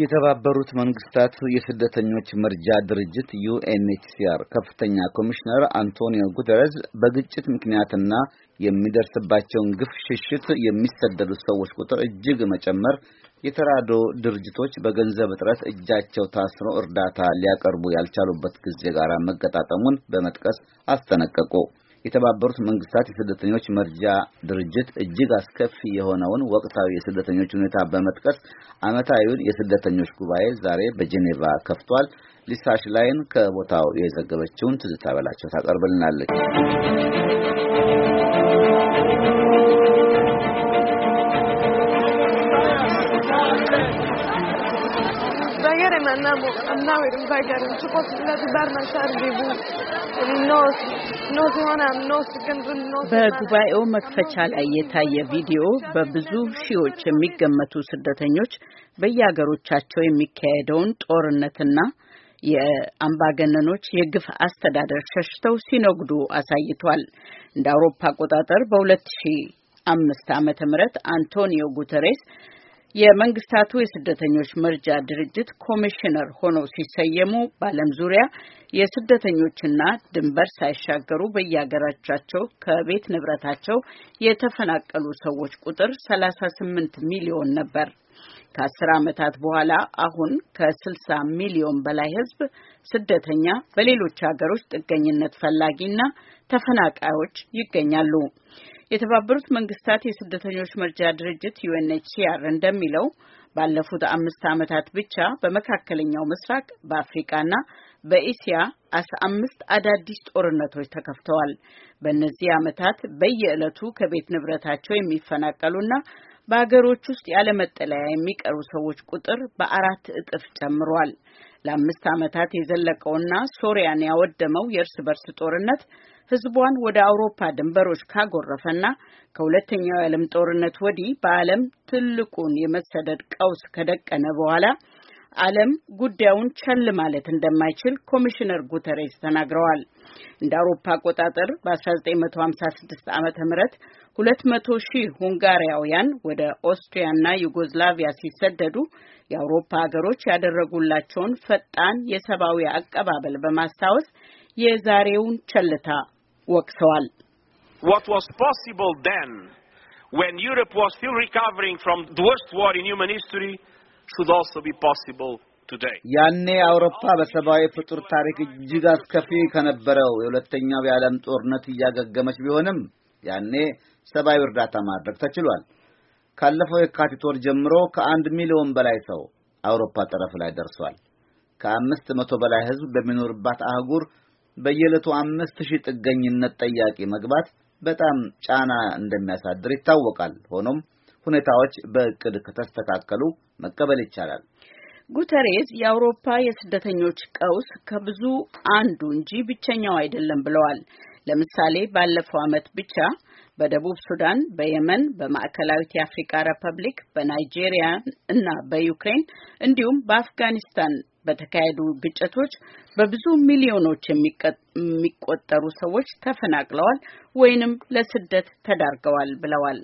የተባበሩት መንግስታት የስደተኞች መርጃ ድርጅት ዩኤንኤችሲአር ከፍተኛ ኮሚሽነር አንቶኒዮ ጉተረዝ በግጭት ምክንያትና የሚደርስባቸውን ግፍ ሽሽት የሚሰደዱ ሰዎች ቁጥር እጅግ መጨመር የተራድኦ ድርጅቶች በገንዘብ እጥረት እጃቸው ታስሮ እርዳታ ሊያቀርቡ ያልቻሉበት ጊዜ ጋር መገጣጠሙን በመጥቀስ አስጠነቀቁ። የተባበሩት መንግስታት የስደተኞች መርጃ ድርጅት እጅግ አስከፊ የሆነውን ወቅታዊ የስደተኞች ሁኔታ በመጥቀስ ዓመታዊውን የስደተኞች ጉባኤ ዛሬ በጄኔቫ ከፍቷል። ሊሳሽ ላይን ከቦታው የዘገበችውን ትዝታ በላቸው ታቀርብልናለች። problema andiamo, andiamo in Bulgaria, non ci posso andare barna sardi bu nos nos ሆነ nos ከንድን nos በጉባኤው መክፈቻ ላይ የታየ ቪዲዮ በብዙ ሺዎች የሚገመቱ ስደተኞች በየሀገሮቻቸው የሚካሄደውን ጦርነትና የአምባገነኖች የግፍ አስተዳደር ሸሽተው ሲነጉዱ አሳይቷል። እንደ አውሮፓ አቆጣጠር በ2005 ዓመተ ምህረት አንቶኒዮ ጉተሬስ የመንግስታቱ የስደተኞች መርጃ ድርጅት ኮሚሽነር ሆነው ሲሰየሙ በዓለም ዙሪያ የስደተኞችና ድንበር ሳይሻገሩ በየሀገራቻቸው ከቤት ንብረታቸው የተፈናቀሉ ሰዎች ቁጥር 38 ሚሊዮን ነበር። ከአስር ዓመታት በኋላ አሁን ከ60 ሚሊዮን በላይ ህዝብ ስደተኛ፣ በሌሎች ሀገሮች ጥገኝነት ፈላጊና ተፈናቃዮች ይገኛሉ። የተባበሩት መንግስታት የስደተኞች መርጃ ድርጅት ዩኤንኤችሲአር እንደሚለው ባለፉት አምስት ዓመታት ብቻ በመካከለኛው ምስራቅ በአፍሪቃና በኤስያ አስራ አምስት አዳዲስ ጦርነቶች ተከፍተዋል። በእነዚህ ዓመታት በየዕለቱ ከቤት ንብረታቸው የሚፈናቀሉና በሀገሮች ውስጥ ያለመጠለያ የሚቀሩ ሰዎች ቁጥር በአራት እጥፍ ጨምሯል። ለአምስት ዓመታት የዘለቀውና ሶሪያን ያወደመው የእርስ በርስ ጦርነት ህዝቧን ወደ አውሮፓ ድንበሮች ካጎረፈና ከሁለተኛው የዓለም ጦርነት ወዲህ በዓለም ትልቁን የመሰደድ ቀውስ ከደቀነ በኋላ ዓለም ጉዳዩን ቸል ማለት እንደማይችል ኮሚሽነር ጉተሬስ ተናግረዋል። እንደ አውሮፓ አቆጣጠር በ1956 ዓመተ ምህረት ሁለት ሺህ ሁንጋሪያውያን ወደ ኦስትሪያና ዩጎዝላቪያ ሲሰደዱ የአውሮፓ ሀገሮች ያደረጉላቸውን ፈጣን የሰብአዊ አቀባበል በማስታወስ የዛሬውን ቸልታ ወቅሰዋል። What was possible then when Europe was still recovering from the worst war in human history ያኔ አውሮፓ በሰብአዊ ፍጡር ታሪክ እጅግ አስከፊ ከነበረው የሁለተኛው የዓለም ጦርነት እያገገመች ቢሆንም ያኔ ሰብአዊ እርዳታ ማድረግ ተችሏል። ካለፈው የካቲት ወር ጀምሮ ከአንድ ሚሊዮን በላይ ሰው አውሮፓ ጠረፍ ላይ ደርሷል። ከአምስት መቶ በላይ ሕዝብ በሚኖርባት አህጉር በየዕለቱ አምስት ሺህ ጥገኝነት ጠያቂ መግባት በጣም ጫና እንደሚያሳድር ይታወቃል። ሆኖም ሁኔታዎች በእቅድ ከተስተካከሉ መቀበል ይቻላል። ጉተሬዝ የአውሮፓ የስደተኞች ቀውስ ከብዙ አንዱ እንጂ ብቸኛው አይደለም ብለዋል። ለምሳሌ ባለፈው ዓመት ብቻ በደቡብ ሱዳን፣ በየመን፣ በማዕከላዊት የአፍሪካ ሪፐብሊክ፣ በናይጄሪያ እና በዩክሬን እንዲሁም በአፍጋኒስታን በተካሄዱ ግጭቶች በብዙ ሚሊዮኖች የሚቆጠሩ ሰዎች ተፈናቅለዋል ወይንም ለስደት ተዳርገዋል ብለዋል።